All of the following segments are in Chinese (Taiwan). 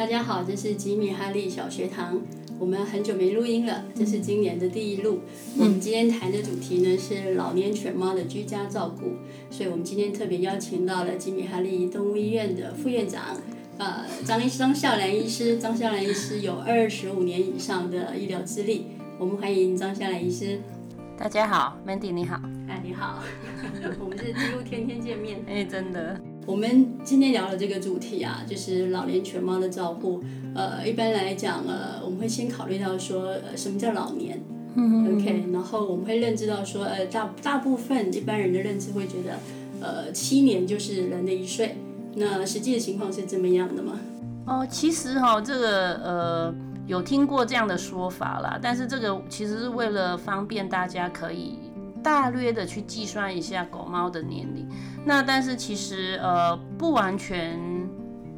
大家好，這是吉米哈利小學堂。我們很久沒錄音了，這是今年的第一錄。我們、嗯、今天談的主題呢是老年犬貓的居家照顧，所以我們今天特別邀請到了吉米哈利動物醫院的副院長，呃，張醫生、張笑蘭醫師。張笑蘭醫師有二十五年以上的醫療資歷，我們歡迎張笑蘭醫師。大家好，Mandy 你好。哎，你好， 我們是幾乎天天見面。哎、欸，真的。我們今天聊的這個主題啊，就是老年犬貓的照顧。呃，一般來講，呃，我們會先考慮到說，呃，什麼叫老年嗯嗯嗯？OK，然後我們會認知到說，呃，大大部分一般人的認知會覺得，呃，七年就是人的一歲。那實際的情況是這麼樣的嗎？哦，其實哈、哦，這個呃，有聽過這樣的說法啦，但是這個其實是為了方便大家可以。大略的去計算一下狗貓的年齡，那但是其實呃不完全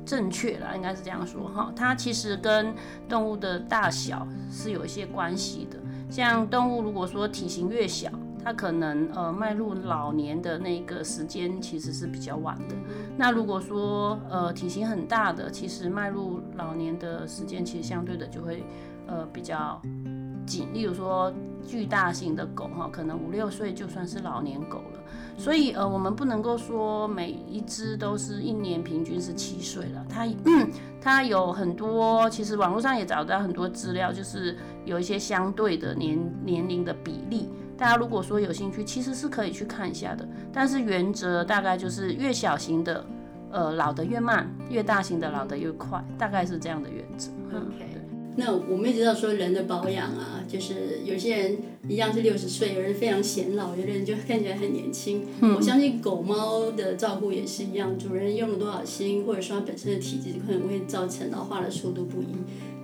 正確了，應該是這樣說哈，它其實跟動物的大小是有一些關係的。像動物如果說體型越小，它可能呃邁入老年的那個時間其實是比較晚的。那如果說呃體型很大的，其實邁入老年的時間其實相對的就會呃比較。僅例如說巨大型的狗哈，可能五六歲就算是老年狗了。所以呃，我們不能夠說每一只都是一年平均是七歲了。它、嗯、它有很多，其實網絡上也找到很多資料，就是有一些相對的年年齡的比例。大家如果說有興趣，其實是可以去看一下的。但是原則大概就是越小型的，呃，老的越慢；越大型的，老的越快。嗯、大概是這樣的原則。嗯嗯那我們也知道說人的保養啊，就是有些人一樣是六十歲，有人非常顯老，有的人就看起來很年輕。嗯、我相信狗貓的照顧也是一樣，主人用了多少心，或者說他本身的體質，就可能會造成老化的速度不一。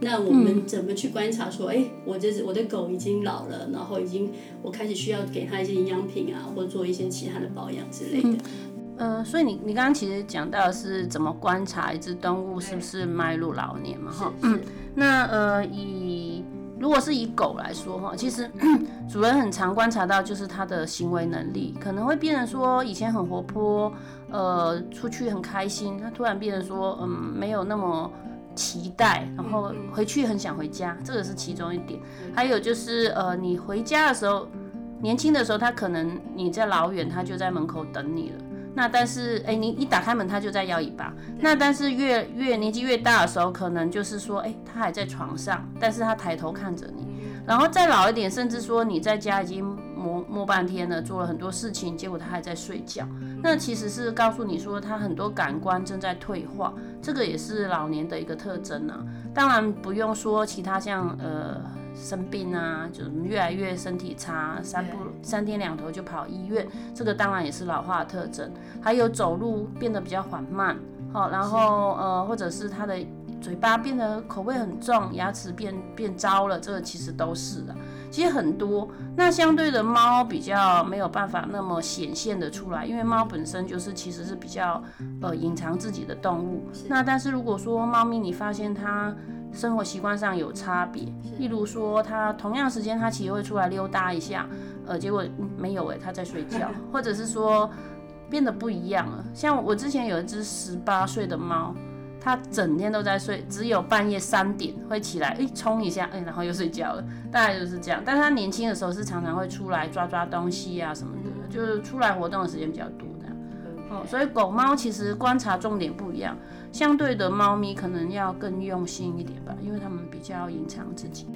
那我們怎麼去觀察說，哎、嗯，我這隻我的狗已經老了，然後已經我開始需要給它一些營養品啊，或做一些其他的保養之類的。嗯呃，所以你你剛剛其實講到的是怎麼觀察一隻動物是不是邁入老年嘛？哈、嗯、是，那呃，以如果是以狗來說哈，其實主人很常觀察到就是它的行為能力可能會變成說以前很活潑，呃，出去很開心，它突然變成說嗯、呃、沒有那麼期待，然後回去很想回家，這個是其中一點。還有就是呃，你回家的時候，年輕的時候它可能你在老遠它就在門口等你了。那但是誒、欸，你一打開門，他就在搖尾巴。那但是越越年紀越大的時候，可能就是說，誒、欸，他還在床上，但是他抬頭看着你。然後再老一點，甚至說你在家已經磨磨半天了，做了很多事情，結果他還在睡覺。那其實是告訴你說，他很多感官正在退化，這個也是老年的一個特徵呢、啊。當然不用說其他像呃。生病啊，就越來越身體差，三不三天兩頭就跑醫院，這個當然也是老化的特徵。還有走路變得比較緩慢，好，然後呃，或者是它的嘴巴變得口味很重，牙齒變變糟了，這個其實都是的。其實很多，那相對的貓比較沒有辦法那麼顯現的出來，因為貓本身就是其實是比較呃隱藏自己的動物。是那但是如果說貓咪你發現它，生活習慣上有差別，例如說，它同樣時間它其實會出來溜達一下，呃，結果沒有誒、欸，它在睡覺，或者是說變得不一樣了。像我之前有一只十八歲的貓，它整天都在睡，只有半夜三點會起來，誒，沖一下，嗯、欸，然後又睡覺了，大概就是這樣。但它年輕的時候是常常會出來抓抓東西啊什麼的，就是出來活動的時間比較多。哦，所以狗貓其實觀察重點不一樣，相對的貓咪可能要更用心一點吧，因為它們比較隱藏自己。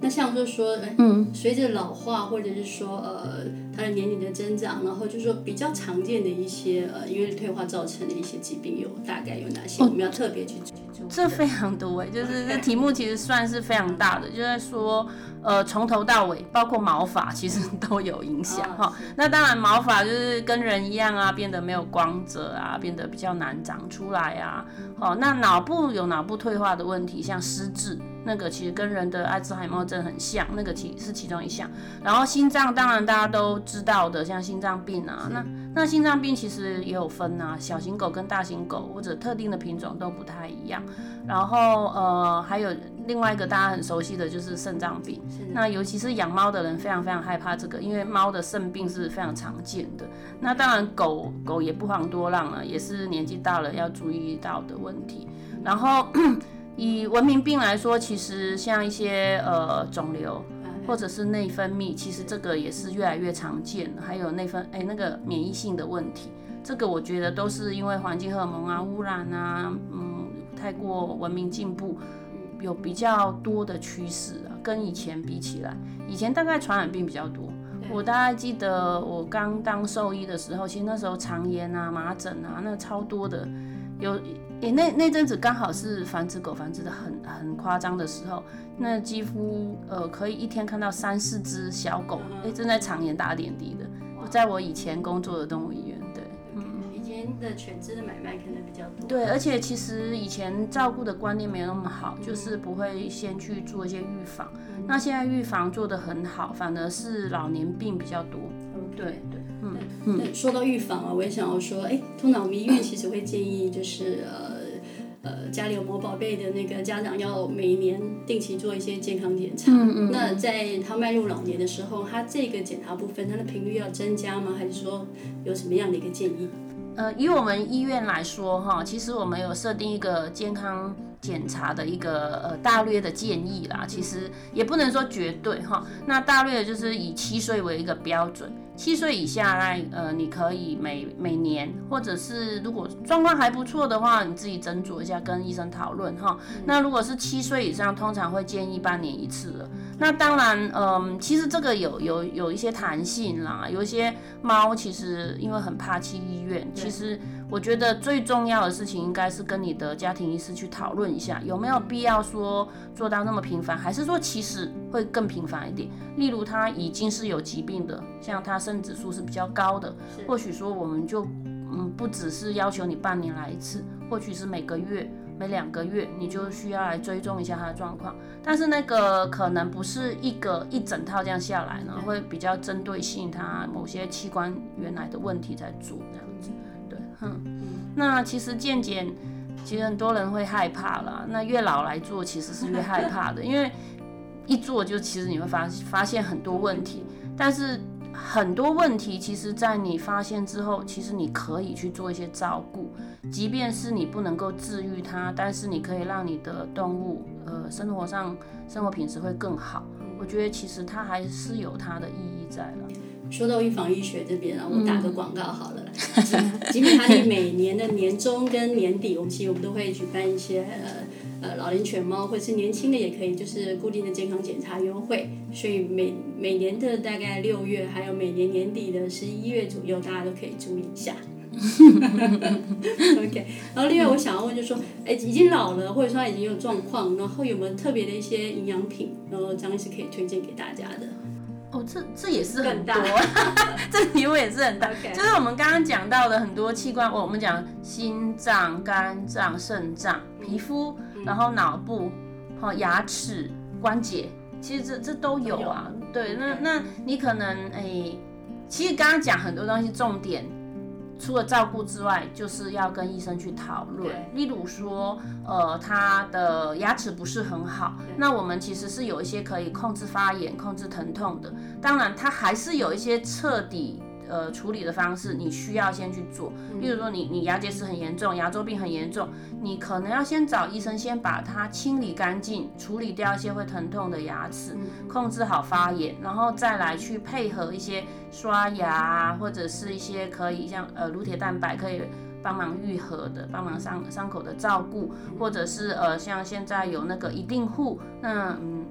那像是說，說，嗯，隨着老化或者是說呃，它的年齡的增長，然後就是說比較常見的一些呃，因為退化造成的一些疾病有，有大概有哪些？我們要特別去做。哦這非常多、欸、就是這題目其實算是非常大的，就在、是、說，呃，從頭到尾，包括毛髮其實都有影響哈、啊哦。那當然，毛髮就是跟人一樣啊，變得沒有光澤啊，變得比較難長出來啊。哦，那腦部有腦部退化的問題，像失智，那個其實跟人的阿茲海默症很像，那個其是其中一項。然後心臟，當然大家都知道的，像心臟病啊，那。那心臟病其實也有分啊，小型狗跟大型狗或者特定的品種都不太一樣。然後呃，還有另外一個大家很熟悉的就是腎臟病，那尤其是養貓的人非常非常害怕這個，因為貓的腎病是非常常見的。那當然狗狗也不遑多讓了啊，也是年紀大了要注意到的問題。然後以文明病來說，其實像一些呃腫瘤。或者是內分泌，其實這個也是越來越常見。還有內分，誒、哎，那個免疫性的問題，這個我覺得都是因為環境荷爾蒙啊、污染啊，嗯，太過文明進步，有比較多的趨勢啊，跟以前比起來，以前大概傳染病比較多。我大概記得我剛當獸醫的時候，其實那時候腸炎啊、麻疹啊，那超多的，有。哎、欸，那那陣子剛好是繁殖狗繁殖的很很誇張的時候，那幾乎呃可以一天看到三四隻小狗，哎、欸、正在常年打點滴的。哇在我以前工作的動物醫院，對，嗯，以前的犬隻的買賣可能比較多，對，而且其實以前照顧的觀念沒有那麼好，嗯、就是不會先去做一些預防，嗯、那現在預防做得很好，反而是老年病比較多，嗯，對對。對嗯、說到預防啊，我也想要說，哎，通常我們醫院其實會建議，就是呃呃，家裡有某寶貝的那個家長，要每一年定期做一些健康檢查。嗯嗯。那在他邁入老年的時候，他這個檢查部分，他的頻率要增加嗎？還是說有什麼樣的一個建議？呃，以我們醫院來說，哈，其實我們有設定一個健康。檢查的一個呃大略的建議啦，其實也不能說絕對哈。那大略就是以七歲為一個標準，七歲以下那呃，你可以每每年，或者是如果狀況還不錯的話，你自己斟酌一下跟醫生討論哈。嗯、那如果是七歲以上，通常會建議半年一次了、嗯、那當然，嗯、呃，其實這個有有有一些彈性啦，有些貓，其實因為很怕去醫院，其實。我覺得最重要的事情應該是跟你的家庭醫師去討論一下，有沒有必要說做到那麼頻繁，還是說其實會更頻繁一點。例如他已經是有疾病的，像他腎指數是比較高的，是或許說我們就嗯不只是要求你半年來一次，或許是每個月、每兩個月你就需要來追蹤一下他的狀況。但是那個可能不是一個一整套這樣下來呢，會比較針對性他某些器官原來的問題在做這樣子。嗯，那其實健檢，其實很多人會害怕了。那越老來做，其實是越害怕的，因為一做就其實你會發，發現很多問題。但是很多問題，其實在你發現之後，其實你可以去做一些照顧，即便是你不能夠治愈它，但是你可以讓你的動物，呃，生活上生活品質會更好。我覺得其實它還是有它的意義在的。說到預防醫學這邊，然後我們打個廣告好了。吉米哈利每年的年終跟年底， 我們其實我們都會舉辦一些呃呃老年犬貓，或者是年輕的也可以，就是固定的健康檢查優惠。所以每每年的大概六月，還有每年年底的十一月左右，大家都可以注意一下。 OK。然後另外我想要問就是，就說哎，已經老了，或者說它已經有狀況，然後有沒有特別的一些營養品？然後張醫師可以推薦給大家的。哦，這這也是很多、啊，更大 這題目也是很大，Okay. 就是我們剛剛講到的很多器官，哦，我們講心臟、肝臟、腎臟、皮膚，嗯、然後腦部、哈、哦、牙齒、關節，其實這這都有啊。有對，那 Okay. 那你可能誒、欸，其實剛剛講很多東西，重點。除了照顧之外，就是要跟醫生去討論。例如說，呃，他的牙齒不是很好，那我們其實是有一些可以控制發炎、控制疼痛的。當然，他還是有一些徹底。呃，處理的方式你需要先去做。例如說你，你你牙結石很嚴重，牙周病很嚴重，你可能要先找醫生，先把它清理乾淨，處理掉一些會疼痛的牙齒，控制好發炎，然後再來去配合一些刷牙，或者是一些可以像呃乳鐵蛋白可以幫忙癒合的，幫忙傷傷口的照顧，或者是呃像現在有那個一定護，那嗯。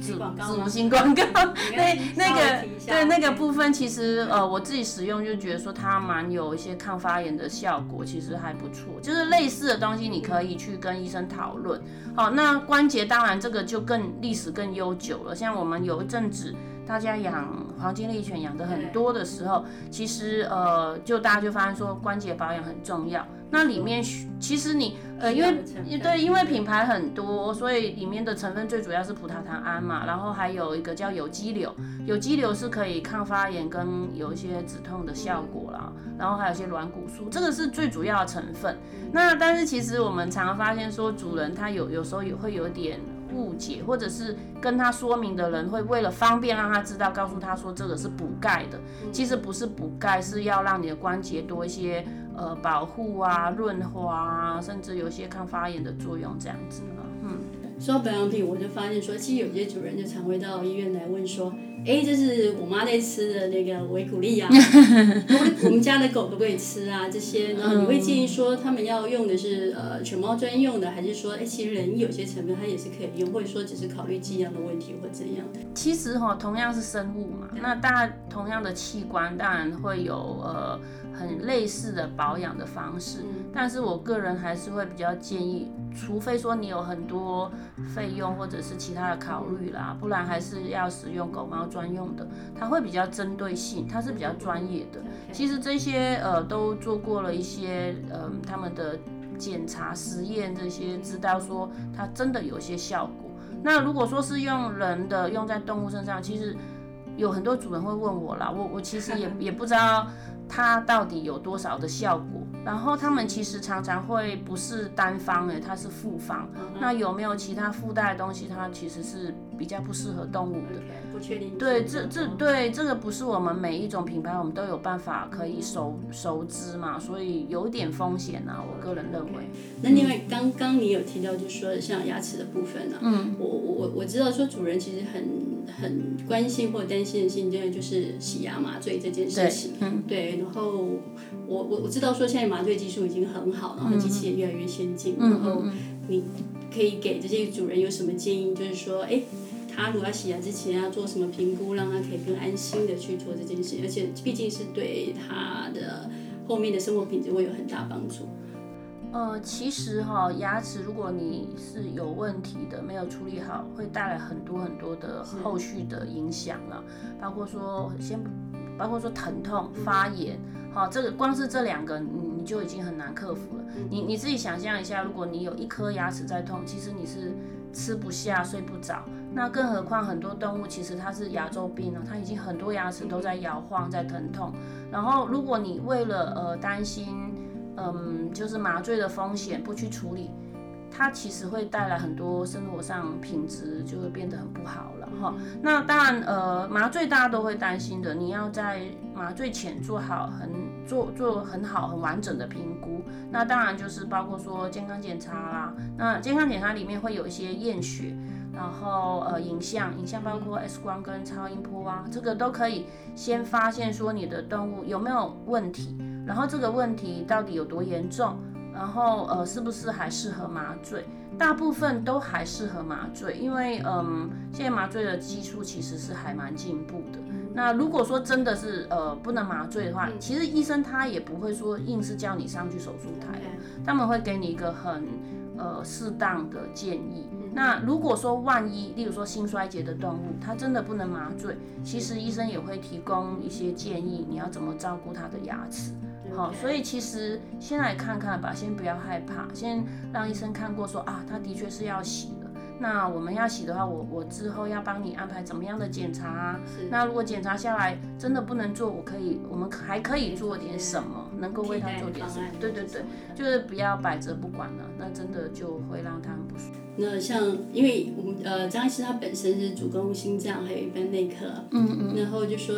紫紫無心廣告，那那個、嗯、對那個部分，其實呃我自己使用就覺得說它蠻有一些抗發炎的效果，嗯、其實還不錯。就是類似的東西，你可以去跟醫生討論。嗯、好，那關節當然這個就更歷史更悠久了。像我們有一陣子大家養黃金獵犬養的很多的時候，對對對其實呃就大家就發現說關節保養很重要。那裡面其實你呃，因為對，因為品牌很多，所以裡面的成分最主要是葡萄糖胺嘛，然後還有一個叫有機硫，有機硫是可以抗發炎跟有一些止痛的效果啦，然後還有一些軟骨素，這個是最主要的成分。那但是其實我們常發現說，主人他有有時候也會有點。誤解，或者是跟他說明的人會為了方便讓他知道，告訴他說這個是補鈣的，其實不是補鈣，是要讓你的關節多一些呃保護啊、潤滑啊，甚至有些抗發炎的作用這樣子啊，嗯，說到保養品，我就發現說，其實有些主人就常會到醫院來問說。哎，就、欸、是我媽在吃的那個維骨力呀，我們家的狗可不可以吃啊？這些，然後你會建議說，他們要用的是呃，犬貓專用的，還是說，哎、欸，其實人有些成分它也是可以用，或者說只是考慮劑量的問題或怎樣？其實哈、哦，同樣是生物嘛，那大同樣的器官，當然會有呃。很類似的保養的方式，但是我個人還是會比較建議，除非說你有很多費用或者是其他的考慮啦，不然還是要使用狗貓專用的，它會比較針對性，它是比較專業的。其實這些呃都做過了一些嗯、呃、他們的檢查實驗這些，知道說它真的有些效果。那如果說是用人的用在動物身上，其實有很多主人會問我啦，我我其實也也不知道。它到底有多少的效果？然後他們其實常常會不是單方的，它是複方。嗯嗯，那有沒有其他附帶的東西？它其實是比較不適合動物的，Okay, 不確定。對，這這對這個不是我們每一種品牌，我們都有辦法可以收、嗯、收資嘛，所以有點風險啊，我個人認為。那另外，嗯、剛剛你有提到，就說像牙齒的部分呢、啊，嗯，我我我知道說主人其實很。很關心或擔心的事情真的就是洗牙麻醉這件事情，對，嗯、對，然後我我我知道說現在麻醉技術已經很好，然後機器也越來越先進，嗯、然後你可以給這些主人有什麼建議，嗯、就是說，哎、欸，他如果要洗牙之前要做什麼評估，讓他可以更安心的去做這件事情，而且畢竟是對他的後面的生活品質會有很大幫助。呃，其實哈、哦，牙齒如果你是有問題的，沒有處理好，會帶來很多很多的後續的影響了。是包括說先，包括說疼痛發炎，好、哦，這個光是這兩個，你你就已經很難克服了。你你自己想象一下，如果你有一顆牙齒在痛，其實你是吃不下、睡不着。那更何況很多動物，其實它是牙周病呢、啊，它已經很多牙齒都在搖晃、在疼痛。然後如果你為了呃擔心。嗯，就是麻醉的風險不去處理，它其實會帶來很多生活上品質就會變得很不好了哈。嗯、那當然，呃，麻醉大家都會擔心的，你要在麻醉前做好很做做很好很完整的評估。那當然就是包括說健康檢查啦、啊。那健康檢查裡面會有一些驗血，然後呃，影像，影像包括 X 光跟超音波啊，這個都可以先發現說你的動物有沒有問題。然後這個問題到底有多嚴重？然後呃，是不是還適合麻醉？大部分都還適合麻醉，因為嗯、呃，現在麻醉的技術其實是還蠻進步的。那如果說真的是呃不能麻醉的話，其實醫生他也不會說硬是叫你上去手術台，他們會給你一個很呃適當的建議。那如果說萬一，例如說心衰竭的動物，它真的不能麻醉，其實醫生也會提供一些建議，你要怎麼照顧它的牙齒。Okay. 好，所以其實先來看看吧，先不要害怕，先讓醫生看過說，啊，他的確是要洗了。那我們要洗的話，我我之後要幫你安排怎麼樣的檢查啊。是那如果檢查下來真的不能做，我可以，我們還可以做點什麼，Okay. 能夠為他做點什麼？Okay. 對對對，就是不要擺著不管了，那真的就會讓他很不舒服。那像因為我們呃張醫生他本身是主攻心臟，還有一般內科，嗯嗯，然後就說。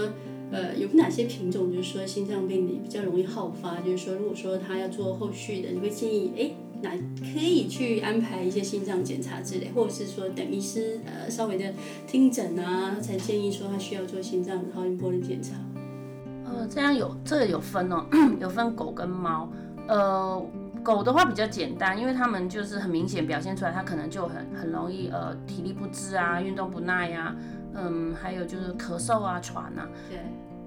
呃，有哪些品種就是說心臟病比較容易好發？就是說，如果說他要做後續的，你會建議、欸、哪、可以去安排一些心臟檢查之類，或者是說等醫師呃稍微的聽診啊，他才建議說他需要做心臟超音波的檢查？呃，這樣有這個有分哦、喔，有分狗跟貓。呃，狗的話比較簡單，因為它們就是很明顯表現出來，它可能就很很容易呃體力不支啊，運動不耐呀、啊。嗯，還有就是咳嗽啊、喘啊，對，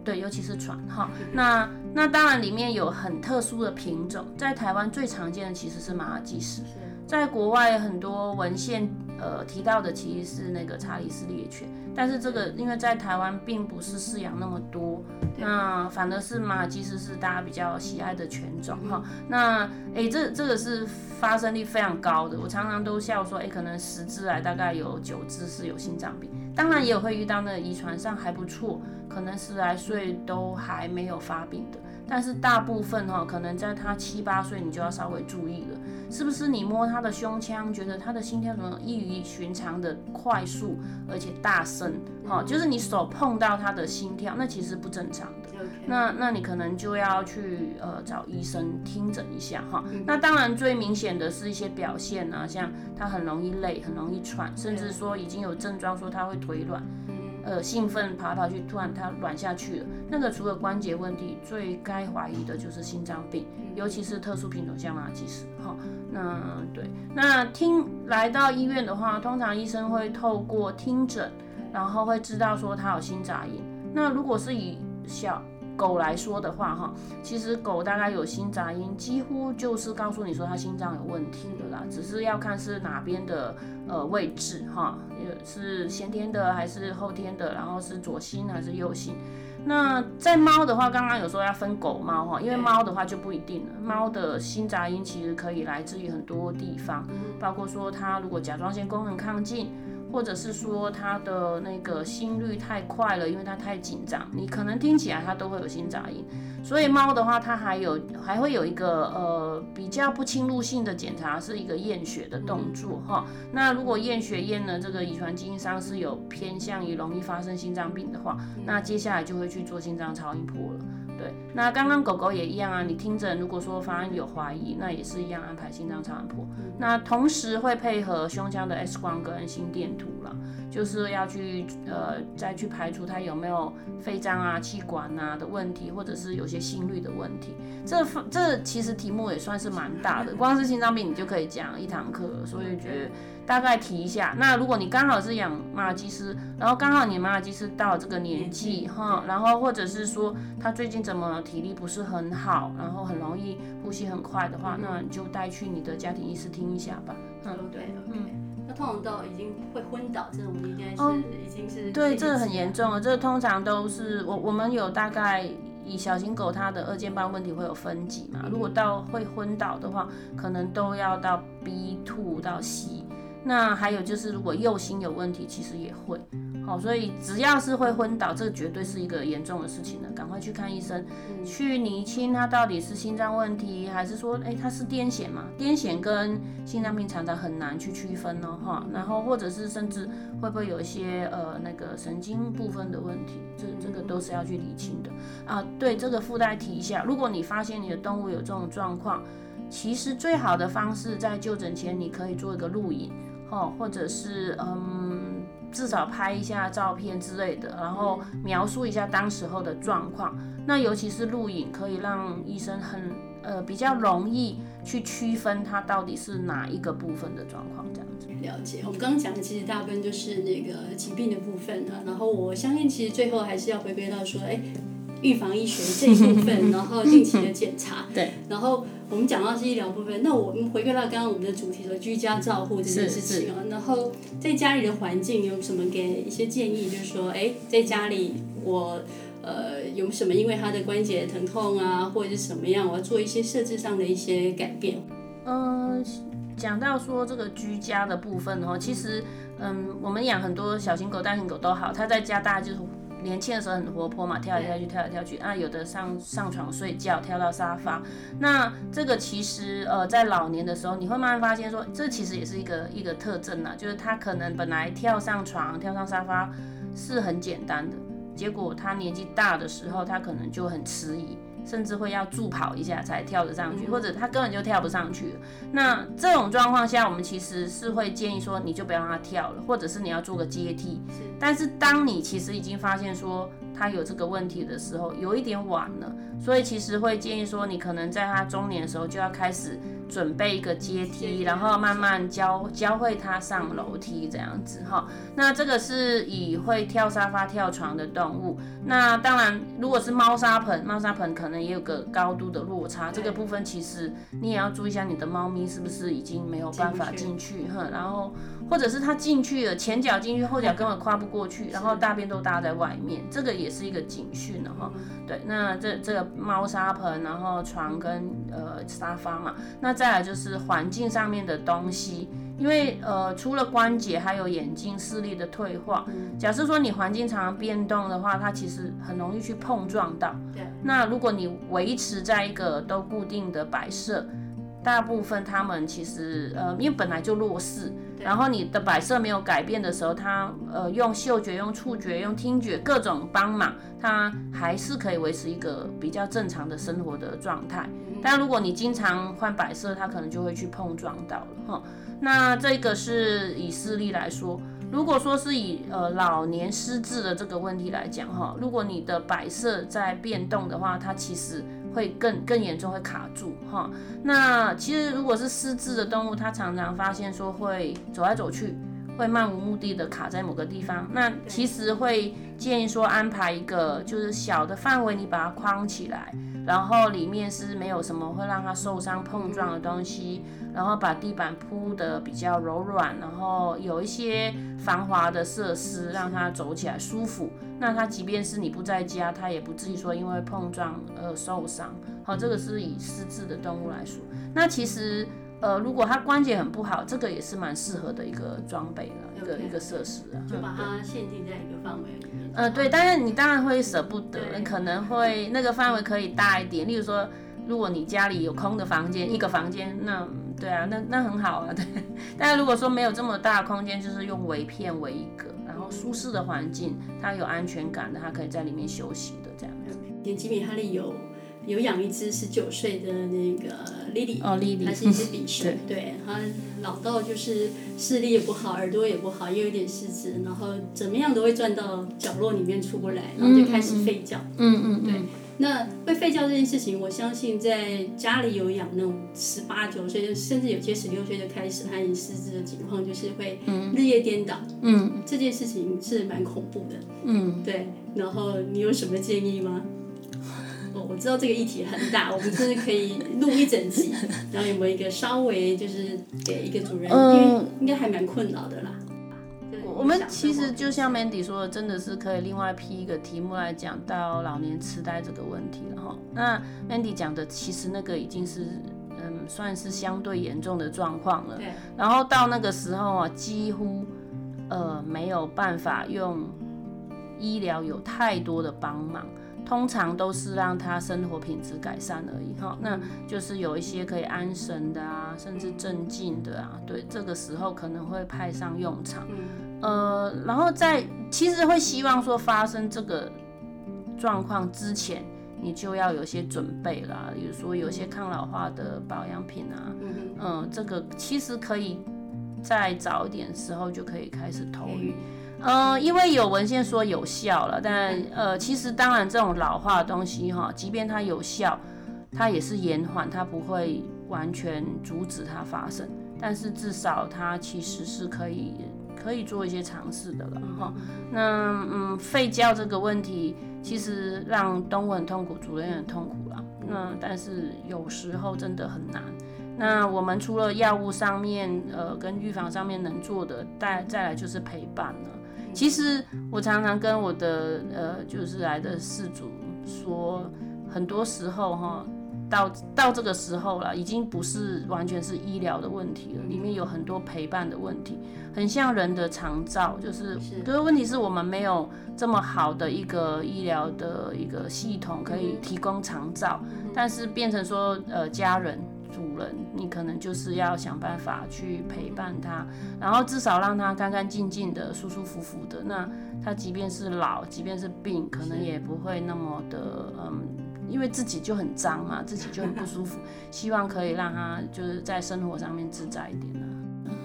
對，尤其是喘哈。那那當然裡面有很特殊的品種，在台灣最常見的其實是馬爾濟斯，對在國外很多文獻呃提到的其實是那個查理斯獵犬，但是這個因為在台灣並不是飼養那麼多，對那反而是馬爾濟斯是大家比較喜愛的犬種哈。那哎，這這個是發生率非常高的，我常常都笑說，哎，可能十隻啊，大概有九隻是有心臟病。當然也有會遇到的，遺傳上還不錯，可能十來歲都還沒有發病的。但是大部分哈、哦，可能在他七八歲，你就要稍微注意了，是不是你摸他的胸腔，覺得他的心跳怎麼異於尋常的快速，而且大聲？哈、哦，就是你手碰到他的心跳，那其實不正常。Okay. 那那你可能就要去呃找醫生聽診一下哈。那當然最明顯的是一些表現呢、啊，像他很容易累，很容易喘，甚至說已經有症狀說他會腿軟，呃興奮爬爬爬去突然他軟下去了。那個除了關節問題，最該懷疑的就是心臟病，尤其是特殊品種像瑪爾濟斯哈。那對，那聽來到醫院的話，通常醫生會透過聽診，然後會知道說他有心雜音。那如果是以小。狗來說的話，哈，其實狗大概有心雜音，幾乎就是告訴你說它心臟有問題的啦，只是要看是哪邊的呃位置哈，是先天的還是後天的，然後是左心還是右心。那在貓的話，剛剛有說要分狗貓哈，因為貓的話就不一定了，嗯、貓的心雜音其實可以來自於很多地方，嗯、包括說它如果甲狀腺功能亢進。或者是說它的那個心率太快了，因為它太緊張，你可能聽起來它都會有心雜音。所以貓的話，它還有還會有一個呃比較不侵入性的檢查，是一個驗血的動作哈、嗯哦。那如果驗血驗了這個遺傳基因上是有偏向於容易發生心臟病的話，嗯、那接下來就會去做心臟超音波了，對。那剛剛狗狗也一樣啊，你聽診，如果說發現有懷疑，那也是一樣安排心臟超聲波。嗯、那同時會配合胸腔的 X 光跟心電圖啦，就是要去呃再去排除它有沒有肺臟啊、氣管啊的問題，或者是有些心率的問題。這這其實題目也算是蠻大的，光是心臟病你就可以講一堂課，所以覺得大概提一下。那如果你剛好是養馬爾濟斯，然後剛好你馬爾濟斯到了這個年紀哈、嗯，然後或者是說他最近怎麼。體力不是很好，然後很容易呼吸很快的話，嗯、那你就帶去你的家庭醫師聽一下吧。嗯，對 Okay, okay. 嗯。那通常都已經會昏倒，這種應該是、哦、已經是。對，這個很嚴重啊！這個通常都是我我們有大概以小型狗，它的二尖瓣問題會有分級嘛。嗯、如果到會昏倒的話，可能都要到 B 2到 C。那還有就是，如果右心有問題，其實也會。所以只要是會昏倒，這絕對是一個嚴重的事情了，趕快去看醫生，去釐清他到底是心臟問題，還是說，欸，他是癲癇嘛？癲癇跟心臟病常常很難去區分呢，哈。然後或者是甚至會不會有一些呃那個神經部分的問題，這這個都是要去理清的啊。對，這個附帶提一下，如果你發現你的動物有這種狀況，其實最好的方式在就診前你可以做一個錄影，哈，或者是嗯。至少拍一下照片之類的，然後描述一下當時候的狀況。那尤其是錄影，可以讓醫生很呃比較容易去區分它到底是哪一個部分的狀況，這樣子。了解，我剛剛講的其實大部分就是那個疾病的部分啊。然後我相信，其實最後還是要回歸到說，誒。預防醫學這一部分，然後定期的檢查。 對。然後我們講到是醫療部分，那我們回歸到剛剛我們的主題的居家照護這件事情啊。是是，然後在家裡的環境有什麼給一些建議？就是說，誒、欸，在家裡我呃有什麼？因為他的關節疼痛啊，或者是什麼樣，我要做一些設置上的一些改變。呃，講到說這個居家的部分哦、喔，其實嗯，我們養很多小型狗、大型狗都好，它在家大家就是。年輕的時候很活潑嘛，跳來跳去，跳來跳去啊，有的上上床睡覺，跳到沙發。那這個其實呃，在老年的時候，你會慢慢發現說，這其實也是一個一個特徵吶、啊，就是他可能本來跳上床、跳上沙發是很簡單的，結果他年紀大的時候，他可能就很遲疑，甚至會要助跑一下才跳得上去，嗯、或者他根本就跳不上去。那這種狀況下，我們其實是會建議說，你就不要讓他跳了，或者是你要做個階梯。但是當你其實已經發現說他有這個問題的時候，有一點晚了，所以其實會建議說，你可能在他中年的時候就要開始準備一個階梯，然後慢慢教教會他上樓梯這樣子哈。那這個是以會跳沙發、跳床的動物。那當然，如果是貓砂盆，貓砂盆可能也有個高度的落差，對這個部分其實你也要注意一下，你的貓咪是不是已經沒有辦法進去。哼去，然後。或者是它進去了，前腳進去後腳根本跨不過去，然後大便都搭在外面，這個也是一個警訊了哈。對，那這這個貓砂盆，然後床跟呃沙發嘛，那再來就是環境上面的東西，因為呃除了關節，還有眼睛視力的退化。假設說你環境常常變動的話，它其實很容易去碰撞到。對，那如果你維持在一個都固定的擺設。大部分他們其實，呃，因為本來就弱視，然後你的擺設沒有改變的時候，他呃用嗅覺、用觸覺、用聽覺各種幫忙，他還是可以維持一個比較正常的生活的狀態。但如果你經常換擺設，他可能就會去碰撞到了哈。那這個是以視力來說，如果說是以呃老年失智的這個問題來講哈，如果你的擺設在變動的話，它其實。會更更嚴重，會卡住哈。那其實如果是失智的動物，它常常發現說，會走來走去，會漫無目的的卡在某個地方。那其實會建議說，安排一個就是小的範圍，你把它框起來。然後裡面是沒有什麼會讓它受傷碰撞的東西，然後把地板鋪得比較柔軟，然後有一些防滑的設施，讓它走起來舒服。那它即便是你不在家，它也不至於說因為碰撞而受傷。好，這個是以失智的動物來說，那其實。呃，如果他關節很不好，這個也是蠻適合的一個裝備的 Okay. 一個一個設施啊，就把它限定在一個範圍裡呃、嗯，對，但是你當然會捨不得，對你可能會那個範圍可以大一點。例如說，如果你家裡有空的房間，嗯、一個房間，那、嗯、對啊，那那很好啊，對。但是如果說沒有這麼大的空間，就是用圍片圍一個，然後舒適的環境，它有安全感的，它可以在裡面休息的這樣子。吉米哈利有、哦。有養一隻十九歲的那個莉莉，哦，莉莉，它是一隻比熊， 對，它老到就是視力也不好，耳朵也不好，又有點失智，然後怎麼樣都會轉到角落裡面出不來，然後就開始吠叫。嗯嗯，嗯對。嗯嗯嗯、那會吠叫這件事情，我相信在家裡有養那種十八九歲，就甚至有些十六歲就開始它已失智的情況，就是會日夜顛倒嗯。嗯，這件事情是蠻恐怖的。嗯，對。然後你有什麼建議嗎？哦，我知道這個議題很大，我們真的可以錄一整集。 然後有沒有一個稍微就是給一個主任，嗯、因為應該還蠻困擾的啦。我，我們其實就像 Mandy 說的，真的是可以另外批一個題目來講到老年痴呆這個問題了哈、哦。那 Mandy 講的其實那個已經是嗯算是相對嚴重的狀況了。對。然後到那個時候啊，幾乎呃沒有辦法用醫療有太多的幫忙。通常都是讓他生活品質改善而已哈，那就是有一些可以安神的啊，甚至鎮靜的啊，對，這個時候可能會派上用場。嗯，呃，然後在其實會希望說發生這個狀況之前，你就要有些準備啦，比如說有些抗老化的保養品啊，嗯、呃，這個其實可以在早一點時候就可以開始投與。嗯嗯、呃，因為有文獻說有效了，但呃，其實當然這種老化的東西哈，即便它有效，它也是延緩，它不會完全阻止它發生，但是至少它其實是可以可以做一些嘗試的了哈、哦。那嗯，廢教這個問題其實讓動物很痛苦，主人也很痛苦了。那、嗯、但是有時候真的很難。那我們除了藥物上面，呃，跟預防上面能做的，再再來就是陪伴了。其實我常常跟我的呃，就是來的飼主說，很多時候哈，到到這個時候了，已經不是完全是醫療的問題了，裡面有很多陪伴的問題，很像人的長照，就是，可是問題是我們沒有這麼好的一個醫療的一個系統可以提供長照，但是變成說呃家人。主人，你可能就是要想辦法去陪伴他，然後至少讓他乾乾淨淨的、舒舒服服的。那他即便是老，即便是病，可能也不會那麼的，是嗯，因為自己就很髒嘛，自己就很不舒服。 希望可以讓他就是在生活上面自在一點呢。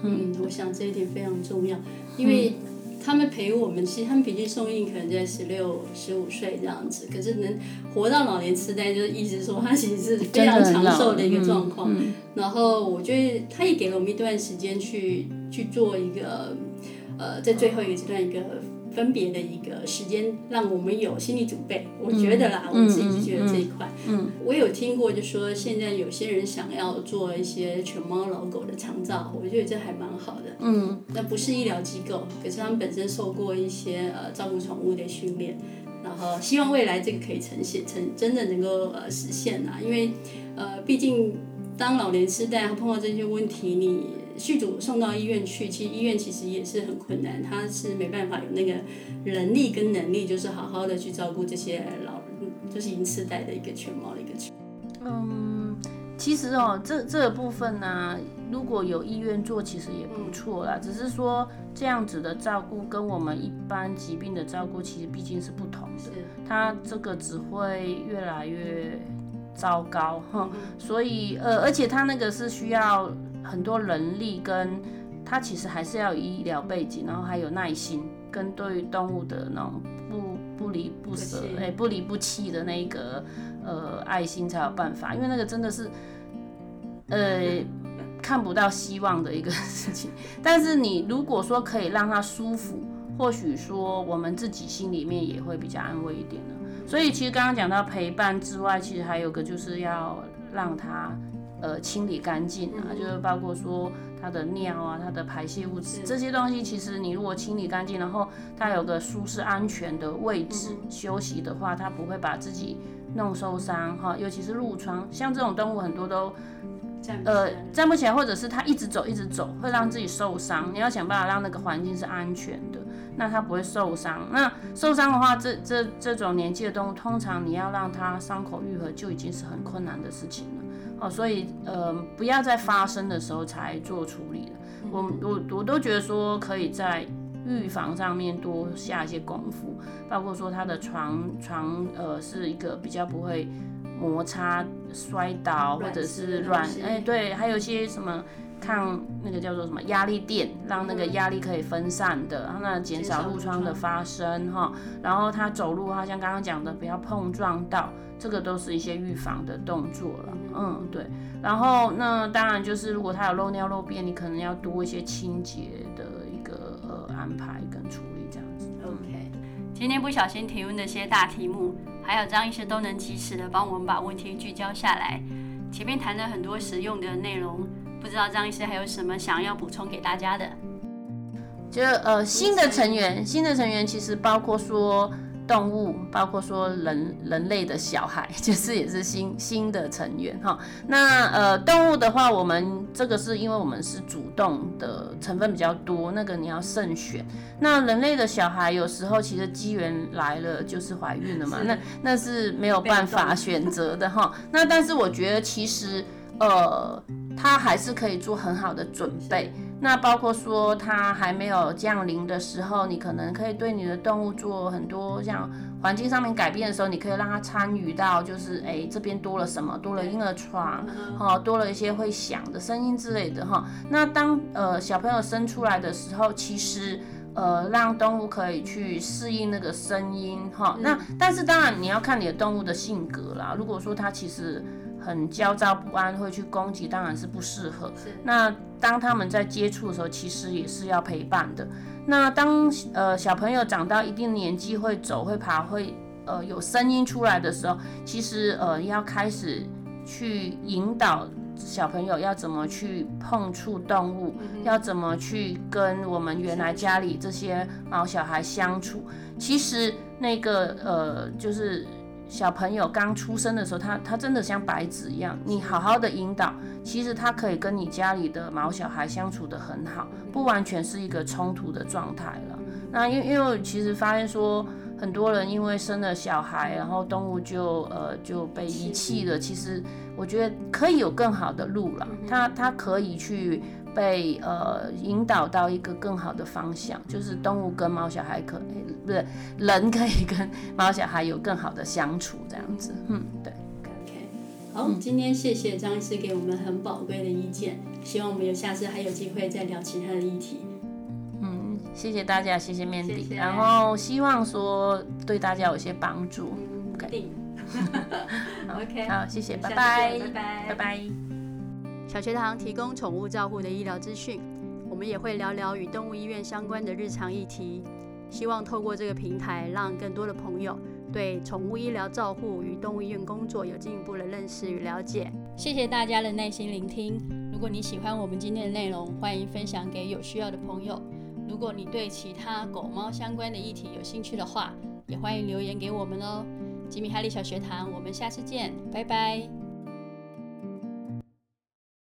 嗯，我想這一點非常重要，因為、嗯。他們陪我們，其實他們平均壽命可能就在十六、十五歲這樣子，可是能活到老年痴呆，就是一直說他其實是非常長壽的一個狀況。嗯嗯、然後我覺得他也給了我們一段時間去去做一個，呃，在最後一個階段一個。嗯一個分別的一個時間，讓我們有心理準備。嗯、我覺得啦，嗯、我自己就覺得這一塊，嗯、我有聽過，就是說現在有些人想要做一些犬貓、老狗的長照，我覺得這還蠻好的。嗯，那不是醫療機構，可是他們本身受過一些呃照顧寵物的訓練，然後希望未來這個可以呈現、成真的能夠呃實現啦、啊。因為呃，畢竟當老年癡呆碰到這些問題，你。續主送到醫院去，其實醫院其實也是很困難，他是沒辦法有那個人力跟能力，就是好好的去照顧這些老人，就是銀世代的一個犬貓的一個群。嗯，其實哦，這這個部分呢、啊，如果有醫院做，其實也不錯啦。嗯、只是說這樣子的照顧，跟我們一般疾病的照顧，其實畢竟是不同的。他的這個只會越來越糟糕哈，嗯、所以呃，而且他那個是需要。很多人力跟它其實還是要有醫療背景，然後還有耐心跟對於動物的那種不不離不捨不行誒，不離不棄的那個呃愛心才有辦法，因為那個真的是呃看不到希望的一個事情。但是你如果說可以讓他舒服，或許說我們自己心裡面也會比較安慰一點呢。所以其實剛剛講到陪伴之外，其實還有個就是要讓他。呃，清理乾淨啊，嗯、就是包括說它的尿啊、它的排泄物質是這些東西，其實你如果清理乾淨，然後它有個舒適安全的位置，嗯、休息的話，它不會把自己弄受傷哈。嗯、尤其是褥瘡，像這種動物很多都站這樣 呃站不起來，或者是它一直走一直走會讓自己受傷。嗯、你要想辦法讓那個環境是安全的，那它不會受傷。那受傷的話，這這這種年紀的動物，通常你要讓它傷口癒合就已經是很困難的事情了。哦，所以呃，不要在發生的時候才做處理了。我我我都覺得說，可以在預防上面多下一些功夫，包括說他的床床呃是一個比較不會摩擦摔倒或者是軟哎、欸、對，還有一些什麼抗那個叫做什麼壓力墊，讓那個壓力可以分散的，那然後減少褥瘡的發生哈。然後他走路哈，像剛剛講的不要碰撞到，這個都是一些預防的動作了。嗯，對，然後那當然就是如果他有漏尿漏便，你可能要多一些清潔的一個呃安排跟處理這樣子。嗯、OK，今天不小心提問那些大題目，還有張醫師都能及時地幫我們把問題聚焦下來。前面談了很多實用的內容，不知道張醫師還有什麼想要補充給大家的？就呃新的成員，新的成員其實包括說。動物包括說人人類的小孩，就是也是新新的成員哈。那呃動物的話，我們這個是因為我們是主動的成分比較多，那個你要慎選。那人類的小孩有時候其實機緣來了就是懷孕了嘛，是那那是沒有辦法選擇的哈。那但是我覺得其實呃他還是可以做很好的準備。那包括說它還沒有降臨的時候，你可能可以對你的動物做很多像環境上面改變的時候，你可以讓它參與到，就是誒這邊多了什麼，多了嬰兒床，哈，多了一些會響的聲音之類的哈。那當呃小朋友生出來的時候，其實呃讓動物可以去適應那個聲音哈。那但是當然你要看你的動物的性格啦。如果說它其實。很焦躁不安，會去攻擊，當然是不適合。是那當他們在接觸的時候，其實也是要陪伴的。那當呃小朋友長到一定年紀，會走、會爬、會呃有聲音出來的時候，其實呃要開始去引導小朋友要怎麼去碰觸動物，嗯嗯要怎麼去跟我們原來家裡這些毛小孩相處。嗯、其實那個呃就是。小朋友剛出生的時候，他他真的像白紙一樣，你好好的引導，其實他可以跟你家裡的毛小孩相處得很好，不完全是一個衝突的狀態了。那因為因為其實發現說，很多人因為生了小孩，然後動物就呃就被遺棄了。其實我覺得可以有更好的路了，他他可以去。被呃引導到一個更好的方向，就是動物跟毛小孩可，不是人可以跟毛小孩有更好的相處這樣子，嗯，對。OK OK，oh, 好，嗯，今天謝謝張醫師給我們很寶貴的意見，希望我們有下次還有機會再聊其他的議題。嗯，謝謝大家，謝謝 Mandy，謝謝，然後希望說對大家有些幫助，不一定。OK，好，謝謝，拜拜，拜拜。拜拜小學堂提供寵物照護的醫療資訊，我們也會聊聊與動物醫院相關的日常議題。希望透過這個平台，讓更多的朋友對寵物醫療照護與動物醫院工作有進一步的認識與了解。謝謝大家的耐心聆聽。如果你喜歡我們今天的內容，歡迎分享給有需要的朋友。如果你對其他狗貓相關的議題有興趣的話，也歡迎留言給我們哦。吉米哈利小學堂，我們下次見，拜拜。